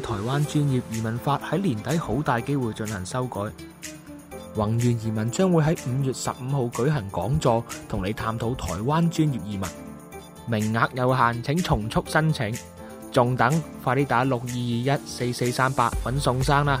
台灣專業移民法喺年底好大機會進行修改，宏源移民將會喺五月十五號舉行講座，同你探討台灣專業移民，名額有限，請重速申請，仲等快啲打六二二一四四三八搵宋生啦！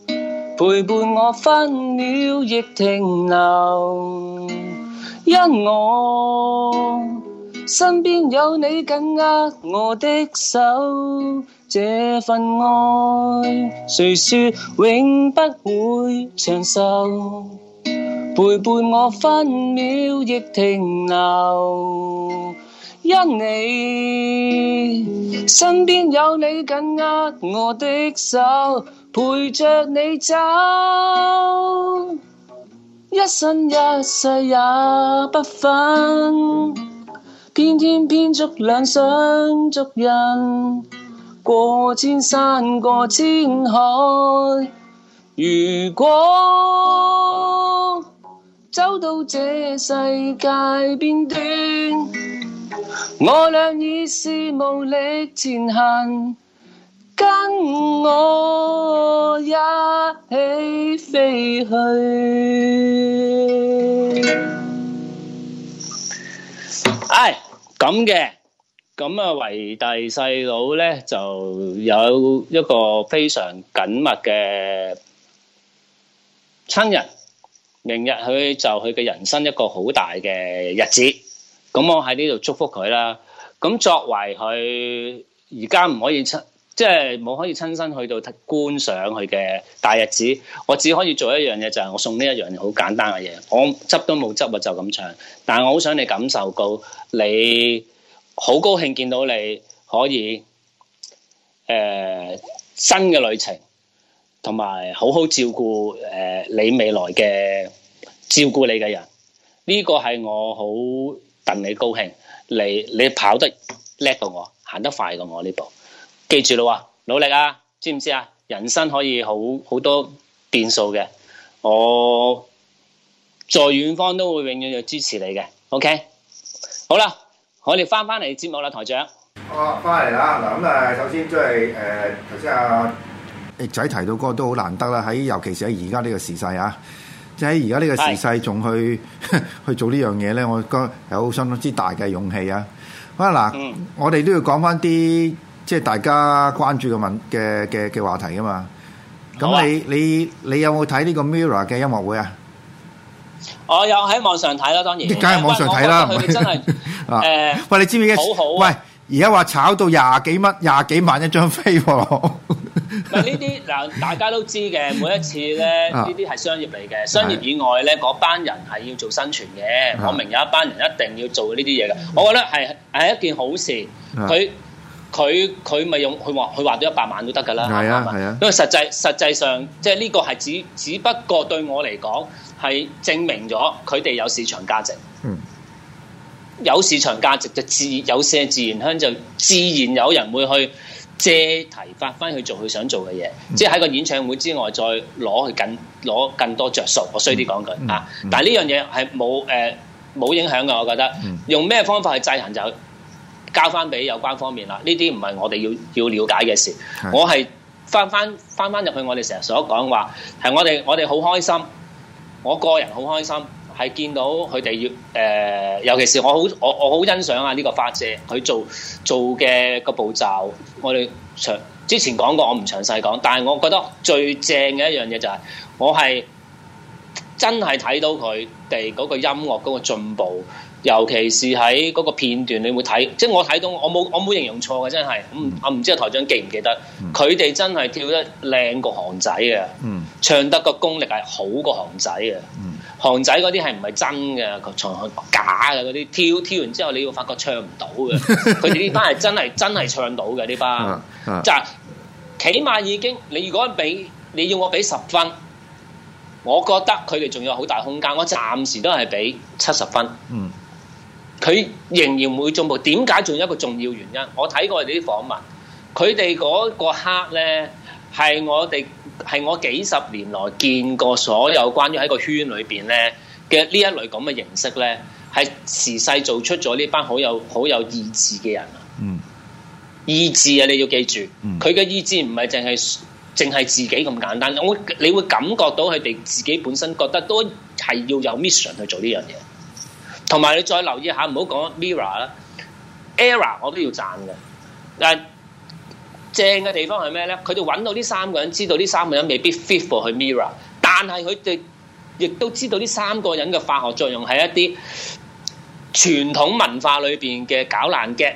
陪伴我分秒亦停留，因我身邊有你緊握我的手，這份愛誰說永不會長壽？陪伴我分秒亦停留，因你身邊有你緊握我的手。陪着你走，一生一世也不分。偏天偏偏足兩雙足印，過千山過千海。如果走到這世界邊端，我倆已是無力前行。跟我一起飛去。唉，咁嘅，咁啊，維弟細佬咧，就有一個非常緊密嘅親人。明日佢就佢嘅人生一個好大嘅日子。咁我喺呢度祝福佢啦。咁作為佢而家唔可以出。即係冇可以親身去到觀賞佢嘅大日子，我只可以做一樣嘢，就係我送呢一樣好簡單嘅嘢。我執都冇執啊，就咁唱。但我好想你感受到，你好高興見到你可以，誒、呃、新嘅旅程，同埋好好照顧誒、呃、你未來嘅照顧你嘅人。呢個係我好戥你高興。你你跑得叻過我，行得快過我呢步。記住咯，話努力啊，知唔知啊？人生可以好好多變數嘅，我在遠方都會永遠要支持你嘅。OK，好啦，我哋翻翻嚟節目啦，台長。哦，翻嚟啦，嗱咁誒，首先即係誒，頭先阿翼仔提到個歌都好難得啦，喺尤其是喺而家呢個時勢啊，即係而家呢個時勢仲去是 去做呢樣嘢咧，我覺有相當之大嘅勇氣啊。啊嗱，我哋都要講翻啲。嗯 即係大家關注嘅問嘅嘅嘅話題啊嘛！咁你、啊、你你，你有冇睇呢個 MIRROR 嘅音樂會啊？我有喺網上睇啦，當然。你梗係網上睇啦！真誒，是呃、 喂，你知唔知？好好、啊、喂，而家話炒到廿幾蚊、廿幾萬一張飛喎，啊！咪呢啲嗱，大家都知嘅。每一次咧，呢啲係商業嚟嘅。商業以外咧，嗰班人係要做生存嘅。的的我明有一班人一定要做呢啲嘢嘅。我覺得係係一件好事。佢。佢佢咪用佢話佢話到一百萬都得㗎啦，係啊係啊，啊因為實際實際上即係呢個係只只不過對我嚟講係證明咗佢哋有市場價值，嗯，有值，有市場價值就自有些自然香，就自然有人會去借題發揮去做佢想做嘅嘢，嗯、即係喺個演唱會之外，再攞去更攞更多着數。我衰啲講句啊，嗯嗯、但係呢樣嘢係冇誒冇影響嘅，我覺得用咩方法去制衡就交翻俾有關方面啦，呢啲唔係我哋要要了解嘅事。的我係翻翻翻翻入去我我，我哋成日所講話係我哋我哋好開心，我個人好開心，係見到佢哋要誒，尤其是我好我我好欣賞啊呢個花姐佢做做嘅個步驟。我哋長之前講過，我唔詳細講，但係我覺得最正嘅一樣嘢就係、是、我係真係睇到佢哋嗰個音樂嗰個進步。尤其是喺嗰個片段，你會睇，即係我睇到我冇我冇形容錯嘅，真係，我唔知阿台長記唔記得，佢哋、嗯、真係跳得靚過韓仔嘅，嗯、唱得個功力係好過韓仔嘅，嗯、韓仔嗰啲係唔係真嘅，唱假嘅嗰啲跳跳完之後，你會發覺唱唔到嘅，佢哋呢班係真係真係唱到嘅呢班，嗯嗯、就係、起碼已經，你如果俾你要我俾十分，我覺得佢哋仲有好大空間，我暫時都係俾七十分。嗯佢仍然會進步，點解仲有一個重要原因？我睇過你啲訪問，佢哋嗰個黑咧係我哋係我幾十年來見過所有關於喺個圈裏邊咧嘅呢一類咁嘅形式咧，係時勢做出咗呢班好有好有意志嘅人啊！嗯，意志啊，你要記住，佢嘅意志唔係淨係淨係自己咁簡單，我你會感覺到佢哋自己本身覺得都係要有 mission 去做呢樣嘢。同埋你再留意下，唔好講 Mirror、er、啦，Error 我都要讚嘅。但正嘅地方係咩咧？佢哋揾到呢三個人，知道呢三個人未必 fit 過去 Mirror，但係佢哋亦都知道呢三個人嘅化學作用係一啲傳統文化裏邊嘅搞爛嘅。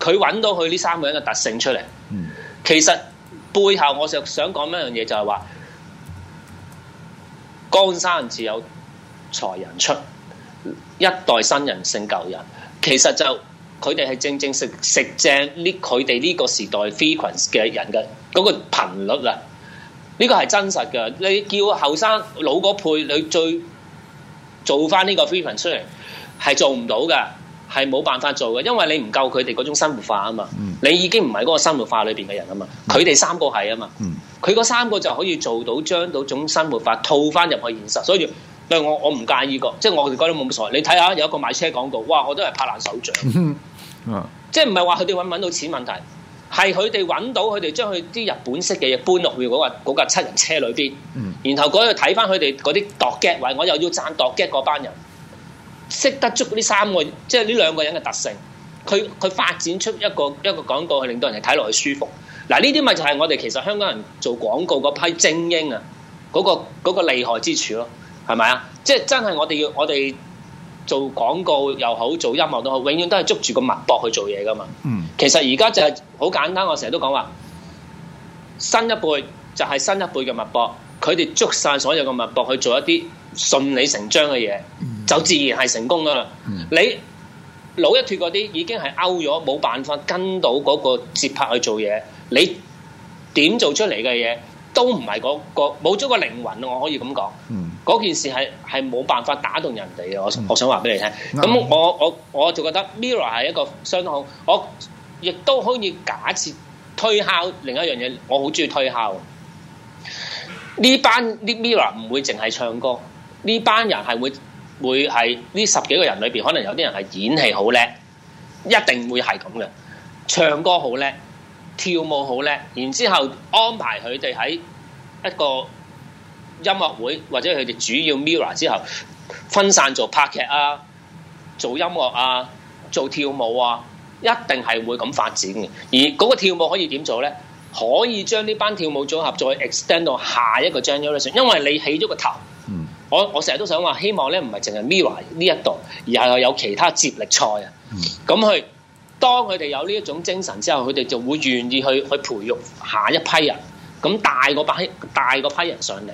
佢揾到佢呢三個人嘅特性出嚟。其實背後我想就想講一樣嘢，就係話江山自有才人出。一代新人勝舊人，其實就佢哋係正正食食正呢佢哋呢個時代 frequency 嘅人嘅嗰個頻率啦，呢、這個係真實嘅。你叫後生老嗰輩你最做翻呢個 frequency 出嚟，係做唔到嘅，係冇辦法做嘅，因為你唔夠佢哋嗰種生活化啊嘛。你已經唔係嗰個生活化裏邊嘅人啊嘛，佢哋、嗯、三個係啊嘛，佢嗰、嗯、三個就可以做到將到種生活化套翻入去現實，所以。嗱，我我唔介意個，即係我哋覺得冇乜所謂。你睇下有一個賣車廣告，哇！我都係拍爛手掌，即係唔係話佢哋揾唔揾到錢問題，係佢哋揾到，佢哋將佢啲日本式嘅嘢搬落去嗰架七人車裏邊，然後嗰度睇翻佢哋嗰啲度 gag 位，我又要贊度 gag 嗰班人，識得捉呢三個，即係呢兩個人嘅特性。佢佢發展出一個一個廣告去令到人哋睇落去舒服。嗱，呢啲咪就係我哋其實香港人做廣告嗰批精英啊，嗰個嗰個厲害之處咯。係咪啊？即係真係，我哋要我哋做廣告又好，做音樂都好，永遠都係捉住個脈搏去做嘢噶嘛。嗯。其實而家就係好簡單，我成日都講話新一輩就係新一輩嘅脈搏，佢哋捉晒所有嘅脈搏去做一啲順理成章嘅嘢，嗯、就自然係成功噶啦。嗯、你老一脱嗰啲已經係勾咗，冇辦法跟到嗰個節拍去做嘢，你點做出嚟嘅嘢都唔係嗰個，冇咗個靈魂。我可以咁講。嗯。嗰件事係係冇辦法打動人哋嘅，我我想話俾你聽。咁我我我就覺得 Mirror 係一個相當好，我亦都可以假設推敲另一樣嘢。我好中意推敲。呢班呢 Mirror 唔會淨係唱歌，呢班人係會會係呢十幾個人裏邊，可能有啲人係演戲好叻，一定會係咁嘅。唱歌好叻，跳舞好叻，然之後安排佢哋喺一個音樂會或者佢哋主要 MIRROR 之後分散做拍劇啊、做音樂啊、做跳舞啊，一定係會咁發展嘅。而嗰個跳舞可以點做咧？可以將呢班跳舞組合再 extend 到下一個 generation 上，因為你起咗個頭。嗯、我我成日都想話，希望咧唔係淨係 MIRROR 呢一度，而係有其他接力賽啊。咁去、嗯、當佢哋有呢一種精神之後，佢哋就會願意去去培育下一批人，咁大個批大個批人上嚟。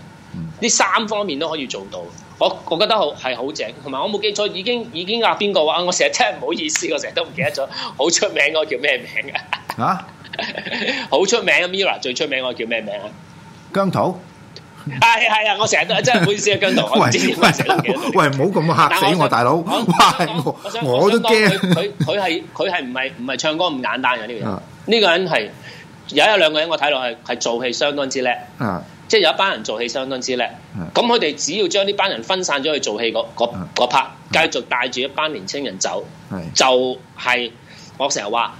呢三方面都可以做到，我我覺得好係好正，同埋我冇記錯已經已經阿邊個話，我成日聽唔好意思，我成日都唔記得咗，好出名嗰個叫咩名啊？嚇，好出名啊！MIRROR 最出名嗰個叫咩名啊？姜濤，係係啊！我成日濤、哎哎哎、都真係唔好意思啊，姜濤，喂，唔好咁嚇死我大佬，我都驚，佢佢係佢係唔係唔係唱歌咁簡單嘅呢個？呢個人係有一兩個人，我睇落係係做戲相當之叻啊。即係有一班人做戲相當之叻，咁佢哋只要將呢班人分散咗去做戲嗰嗰嗰，拍，繼續帶住一班年青人走，的就係我成日話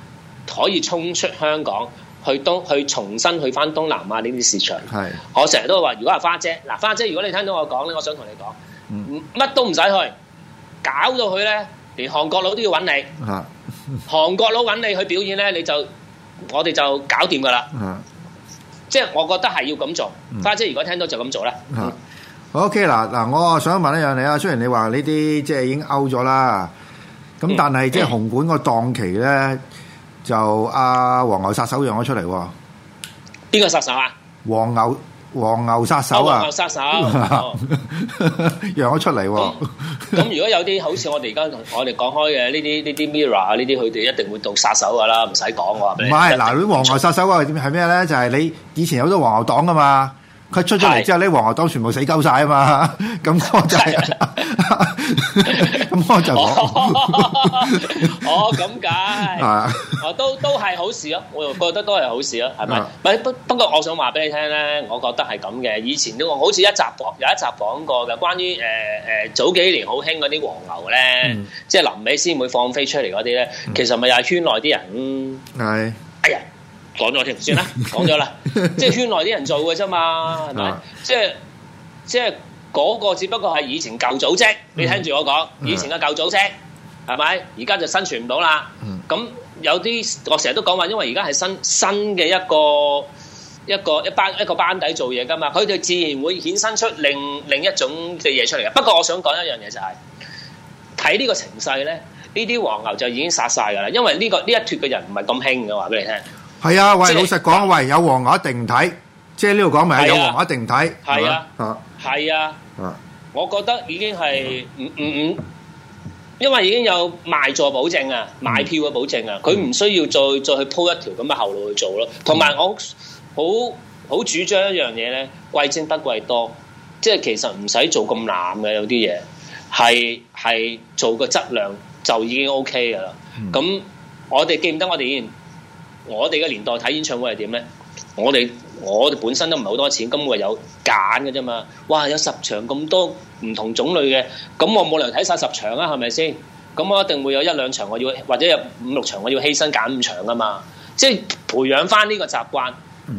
可以衝出香港去東去重新去返東南亞呢啲市場。的我成日都話，如果阿花姐嗱，花姐如果你聽到我講咧，我想同你講，乜都唔使去，搞到佢咧，連韓國佬都要揾你，韓國佬揾你去表演咧，你就我哋就搞掂㗎喇。即係我覺得係要咁做，花姐如果聽到就咁做、嗯、okay, 啦。好 OK 嗱嗱，我想問一樣你啊，雖然你話呢啲即係已經 out 咗啦，咁、嗯、但係即係紅館個檔期咧，就阿、啊、黃牛殺手讓咗出嚟喎。邊個殺手啊？黃牛。黃牛殺手啊、哦！黃牛殺手， 讓咗出嚟喎，啊哦。咁 如果有啲好似我哋而家同我哋講開嘅呢啲呢啲 MIRROR 啊呢啲，佢哋一定會做殺手噶啦，唔使講我話。唔係。嗱，呢黃牛殺手啊，係咩咧？就係你以前有好多黃牛黨噶嘛。佢出咗嚟之後咧，是黃牛黨全部死鳩晒、就是、啊嘛！咁我 就係，咁我就我，哦咁解，哦、啊都都係好事咯，我又覺得都係好事咯，係咪？唔不不過我想話俾你聽咧，我覺得係咁嘅。以前都好似一集講有一集講過嘅，關於誒誒、呃、早幾年好興嗰啲黃牛咧，嗯、即係臨尾先會放飛出嚟嗰啲咧，嗯、其實咪又係圈內啲人係。講咗添算啦，講咗啦，即係圈內啲人做嘅啫嘛，係咪？即係即係嗰個只不過係以前舊組織，你聽住我講，以前嘅舊組織，係咪？而家就生存唔到啦。咁有啲我成日都講話，因為而家係新新嘅一個一個一班一個班底做嘢噶嘛，佢哋自然會衍生出另另一種嘅嘢出嚟嘅。不過我想講一樣嘢就係睇呢個情勢咧，呢啲黃牛就已經殺晒噶啦，因為呢個呢一脫嘅人唔係咁興嘅，話俾你聽。係啊，喂，老實講，喂，有黃牛一定睇，即係呢度講明係有黃牛一定睇。係啊，係啊，我覺得已經係五五五，因為已經有賣座保證啊，買票嘅保證啊，佢唔需要再再去鋪一條咁嘅後路去做咯。同埋我好好主張一樣嘢咧，貴精不貴多，即係其實唔使做咁濫嘅，有啲嘢係係做個質量就已經 O K 噶啦。咁我哋記唔得我哋？我哋嘅年代睇演唱會係點咧？我哋我本身都唔係好多錢，咁唯有揀嘅啫嘛。哇！有十場咁多唔同種類嘅，咁我冇理由睇晒十場啊？係咪先？咁我一定會有一兩場我要，或者有五六場我要犧牲揀五場噶嘛。即係培養翻呢個習慣，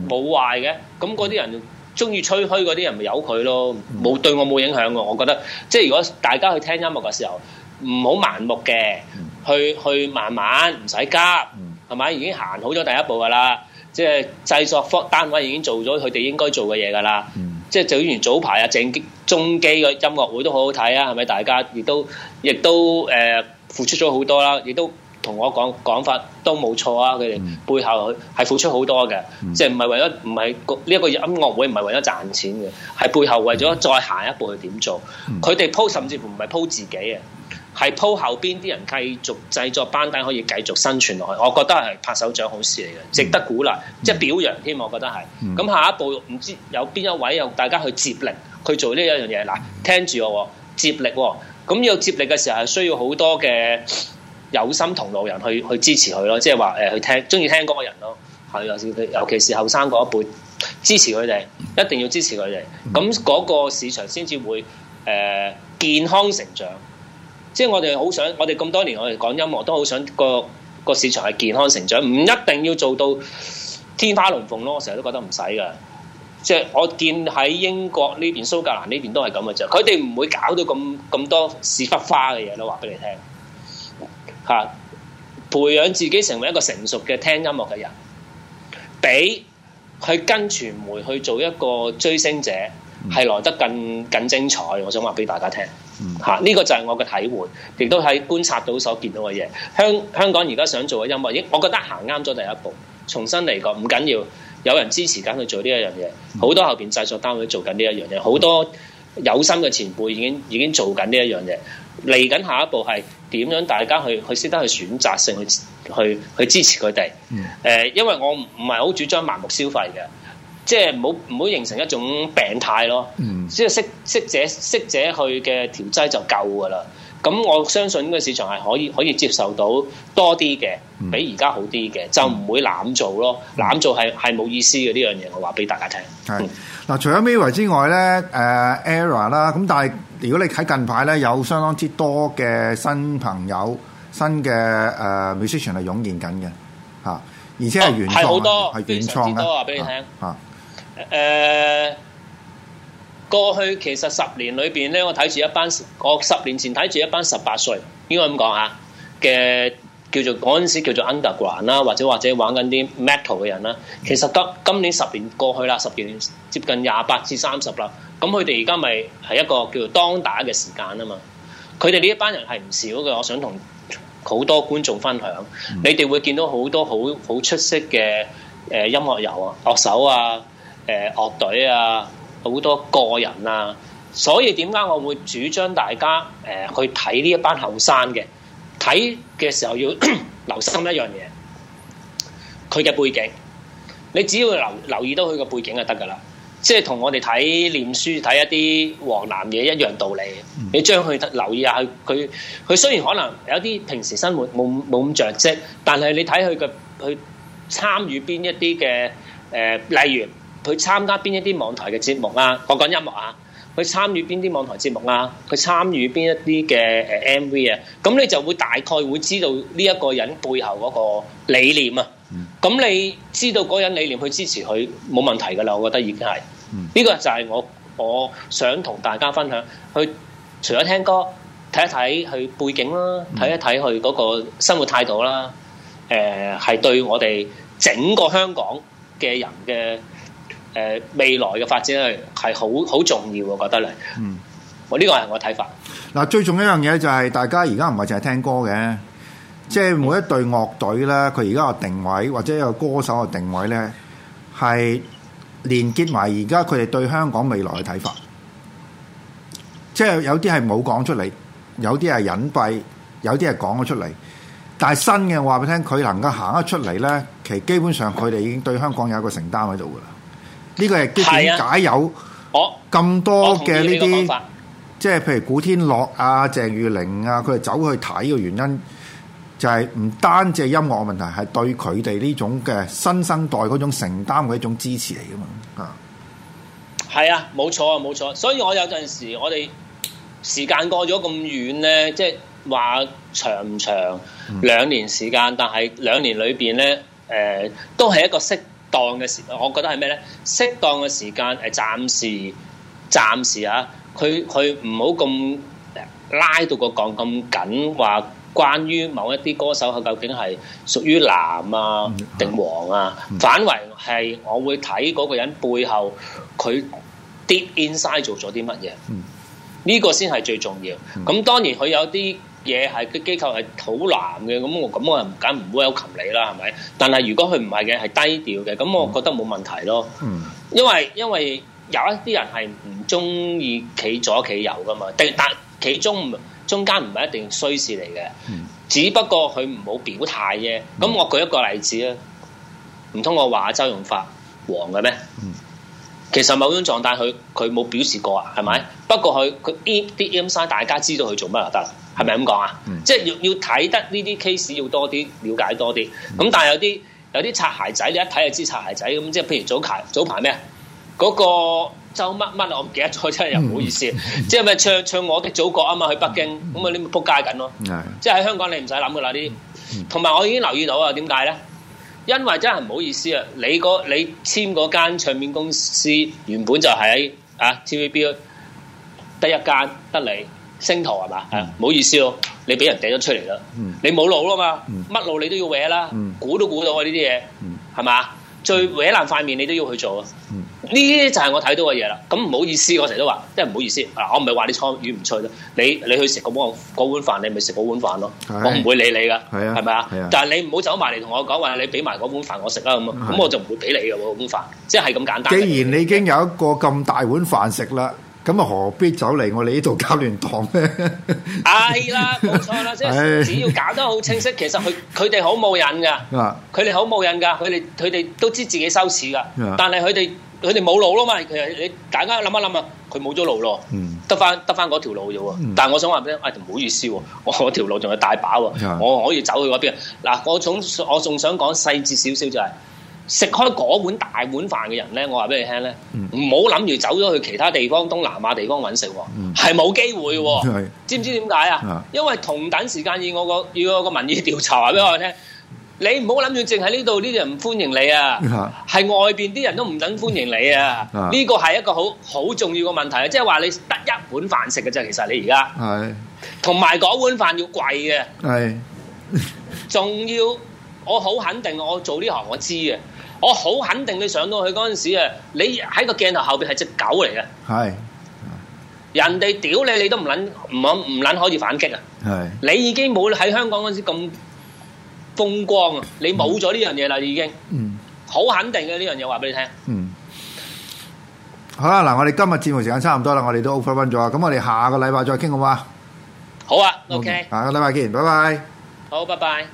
冇壞嘅。咁嗰啲人中意吹噓嗰啲人，咪由佢咯。冇、嗯、對我冇影響㗎。我覺得即係如果大家去聽音樂嘅時候，唔好盲目嘅、嗯，去去慢慢，唔使急。係咪已經行好咗第一步㗎啦？即係製作方單位已經做咗佢哋應該做嘅嘢㗎啦。嗯、即係做完早排啊，鄭中基嘅音樂會都好好睇啊，係咪？大家亦都亦都誒、呃、付出咗好多啦，亦都同我講講法都冇錯啊。佢哋背後係付出好多嘅，即係唔係為咗唔係呢一個音樂會唔係為咗賺錢嘅，係背後為咗再行一步去點做。佢哋 po 甚至乎唔係 po 自己啊。係鋪後邊啲人繼續製作班底，可以繼續生存落去。我覺得係拍手掌好事嚟嘅，值得鼓勵，即係表揚添。我覺得係咁下一步，唔知有邊一位又大家去接力去做呢一樣嘢嗱？聽住我喎、接力喎、哦，咁要接力嘅時候係需要好多嘅有心同路人去去支持佢咯，即係話誒去聽中意聽歌嘅人咯、哦，尤其尤其是後生嗰一輩支持佢哋，一定要支持佢哋。咁嗰個市場先至會誒、呃、健康成長。即係我哋好想，我哋咁多年我哋講音樂都好想個個市場係健康成長，唔一定要做到天花龍鳳咯。我成日都覺得唔使㗎，即係我見喺英國呢邊蘇格蘭呢邊都係咁嘅啫。佢哋唔會搞到咁咁多屎忽花嘅嘢咯。話俾你聽吓，啊，培養自己成為一個成熟嘅聽音樂嘅人，比去跟傳媒去做一個追星者係來得更更精彩。我想話俾大家聽。嚇，呢、啊這個就係我嘅體會，亦都喺觀察到所見到嘅嘢。香香港而家想做嘅音樂，應我覺得行啱咗第一步。重新嚟過，唔緊要有人支持緊去做呢一樣嘢，好、嗯、多後邊製作單位做緊呢一樣嘢，好多有心嘅前輩已經已經做緊呢一樣嘢，嚟緊下，下一步係點樣？大家去去識得去選擇性去去去支持佢哋。誒、呃，因為我唔唔係好主張盲目消費嘅。即係唔好唔好形成一種病態咯，嗯、即係識識者識者去嘅調劑就夠噶啦。咁我相信呢個市場係可以可以接受到多啲嘅，比而家好啲嘅，嗯、就唔會濫造咯。濫造係係冇意思嘅呢樣嘢，我話俾大家聽。係嗱，除咗 MIRROR 之外咧，誒 ERROR 啦，咁但係如果你睇近排咧，有相當之多嘅新朋友、新嘅誒 Musician 係湧現緊嘅嚇，而且係原係好、哦、多係原創嘅嚇。誒、呃、過去其實十年裏邊咧，我睇住一班我十年前睇住一班十八歲，應該咁講啊嘅叫做嗰陣時叫做 underground 啦，或者或者玩緊啲 metal 嘅人啦。其實今今年十年過去啦，十年接近廿八至三十啦，咁佢哋而家咪係一個叫做當打嘅時間啊嘛。佢哋呢一班人係唔少嘅，我想同好多觀眾分享。你哋會見到好多好好出色嘅誒音樂友啊、樂手啊。誒、呃、樂隊啊，好多個人啊，所以點解我會主張大家誒、呃、去睇呢一班後生嘅，睇嘅時候要 留心一樣嘢，佢嘅背景。你只要留留意到佢個背景就得㗎啦，即係同我哋睇念書睇一啲黃藍嘢一樣道理。你將佢留意下佢佢佢雖然可能有啲平時生活冇冇咁着跡，但係你睇佢嘅去參與邊一啲嘅誒例如。佢參加邊一啲網台嘅節目啊？我講音樂啊，佢參與邊啲網台節目啊？佢參與邊一啲嘅誒 MV 啊？咁你就會大概會知道呢一個人背後嗰個理念啊。咁你知道嗰人理念，去支持佢冇問題噶啦。我覺得已經係呢、呢個就係我我想同大家分享。去除咗聽歌，睇一睇佢背景啦、啊，睇一睇佢嗰個生活態度啦、啊。誒、呃，係對我哋整個香港嘅人嘅。誒、呃，未來嘅發展咧係好好重要，我覺得咧嗯，我，我呢個係我睇法嗱。最重要一樣嘢就係大家而家唔係淨係聽歌嘅，即係每一隊樂隊咧，佢而家個定位或者個歌手嘅定位咧，係連結埋而家佢哋對香港未來嘅睇法。即係有啲係冇講出嚟，有啲係隱蔽，有啲係講咗出嚟。但係新嘅話俾你聽，佢能夠行得出嚟咧，其實基本上佢哋已經對香港有一個承擔喺度噶啦。呢、啊、個係點解有咁多嘅呢啲，即係譬如古天樂啊、鄭裕玲啊，佢哋走去睇嘅原因，就係唔單止係音樂問題，係對佢哋呢種嘅新生代嗰種承擔嘅一種支持嚟噶嘛。啊，係啊，冇錯啊，冇錯、啊。所以我有陣時，我哋時間過咗咁遠咧，即係話長唔長兩年時間，但係兩年裏邊咧，誒、呃，都係一個識。當嘅時，我覺得係咩咧？適當嘅時間，誒，暫時，暫時啊！佢佢唔好咁拉到個槓咁緊，話關於某一啲歌手佢究竟係屬於藍啊定黃啊？反為係我會睇嗰個人背後佢啲 inside 做咗啲乜嘢？呢、嗯、個先係最重要。咁、嗯、當然佢有啲。嘢係個機構係好藍嘅，咁我咁我又唔敢唔 welcome 你啦，係咪？但係如果佢唔係嘅，係低調嘅，咁我覺得冇問題咯。嗯，因為因為有一啲人係唔中意企左企右噶嘛，定但其中中間唔係一定衰事嚟嘅。嗯，只不過佢唔好表態啫。咁我舉一個例子啦，唔通我話周潤發黃嘅咩？其實某種狀態，佢佢冇表示過啊，係咪？不過佢佢啲啲陰生，S，大家知道佢做乜就是是、嗯、得，係咪咁講啊？即係要要睇得呢啲 case 要多啲了解多啲。咁、嗯嗯嗯、但係有啲有啲擦鞋仔，你一睇就知擦鞋仔咁。即係譬如早排早排咩？嗰、那個周乜乜，我唔記得咗，真係又唔好意思。嗯、即係咪唱唱我的祖國啊嘛？去北京咁啊，你咪撲街緊咯。嗯嗯、即係喺香港你唔使諗噶啦啲。同埋我，我已經留意到啊，點解咧？因為真係唔好意思啊，你個你簽嗰間唱片公司原本就喺、是、啊 TVB 得一間得你星途係嘛，係唔、嗯、好意思咯，你俾人掟咗出嚟啦，嗯、你冇路啦嘛，乜、嗯、路你都要搲啦，嗯、估都估到啊呢啲嘢，係嘛、嗯？最搣爛塊面你都要去做啊！呢啲、嗯、就係我睇到嘅嘢啦。咁唔好意思，我成日都話，即係唔好意思。嗱，我唔係話你倉魚唔脆咯，你你去食碗嗰碗飯，你咪食嗰碗飯咯。係啊、我唔會理你噶，係咪啊？但係你唔好走埋嚟同我講話，你俾埋嗰碗飯我食啦，咁咁我就唔會俾你個碗飯，即係咁簡單。既然你已經有一個咁大碗飯食啦。咁啊，何必走嚟我哋呢度搞亂黨咧？係 啦、啊，冇錯啦，即係只要搞得好清晰，其實佢佢哋好冇癮噶，佢哋好冇癮噶，佢哋佢哋都知自己羞恥噶，但係佢哋佢哋冇路咯嘛。其實你大家諗一諗啊，佢冇咗路咯，得翻得翻嗰條路啫喎。但係我想話畀你聽，誒、哎、唔好意思喎，我條路仲有大把喎，我可以走去嗰邊。嗱，我仲我仲想講細節少少就係、是。食開嗰碗大碗飯嘅人咧，我話俾你聽咧，唔好諗住走咗去其他地方東南亞地方揾食，係冇機會喎。知唔知點解啊？因為同等時間以我個以我個民意調查話俾我聽，你唔好諗住淨喺呢度，呢啲人唔歡迎你啊。係外邊啲人都唔等歡迎你啊。呢個係一個好好重要嘅問題啊！即係話你得一碗飯食嘅啫，其實你而家，同埋嗰碗飯要貴嘅，仲要我好肯定，我做呢行我知嘅。我好肯定你上到去嗰陣時啊，你喺個鏡頭後邊係隻狗嚟嘅。係，人哋屌你，你都唔撚唔唔撚可以反擊啊！係，你已經冇喺香港嗰陣時咁風光啊！你冇咗呢樣嘢啦，已經。嗯。好肯定嘅呢樣嘢話俾你聽。嗯。好啦，嗱，我哋今日節目時間差唔多啦，我哋都 overrun 咗啊，咁我哋下個禮拜再傾好嗎？好啊，OK。OK，下個禮拜見，拜拜。好，拜拜。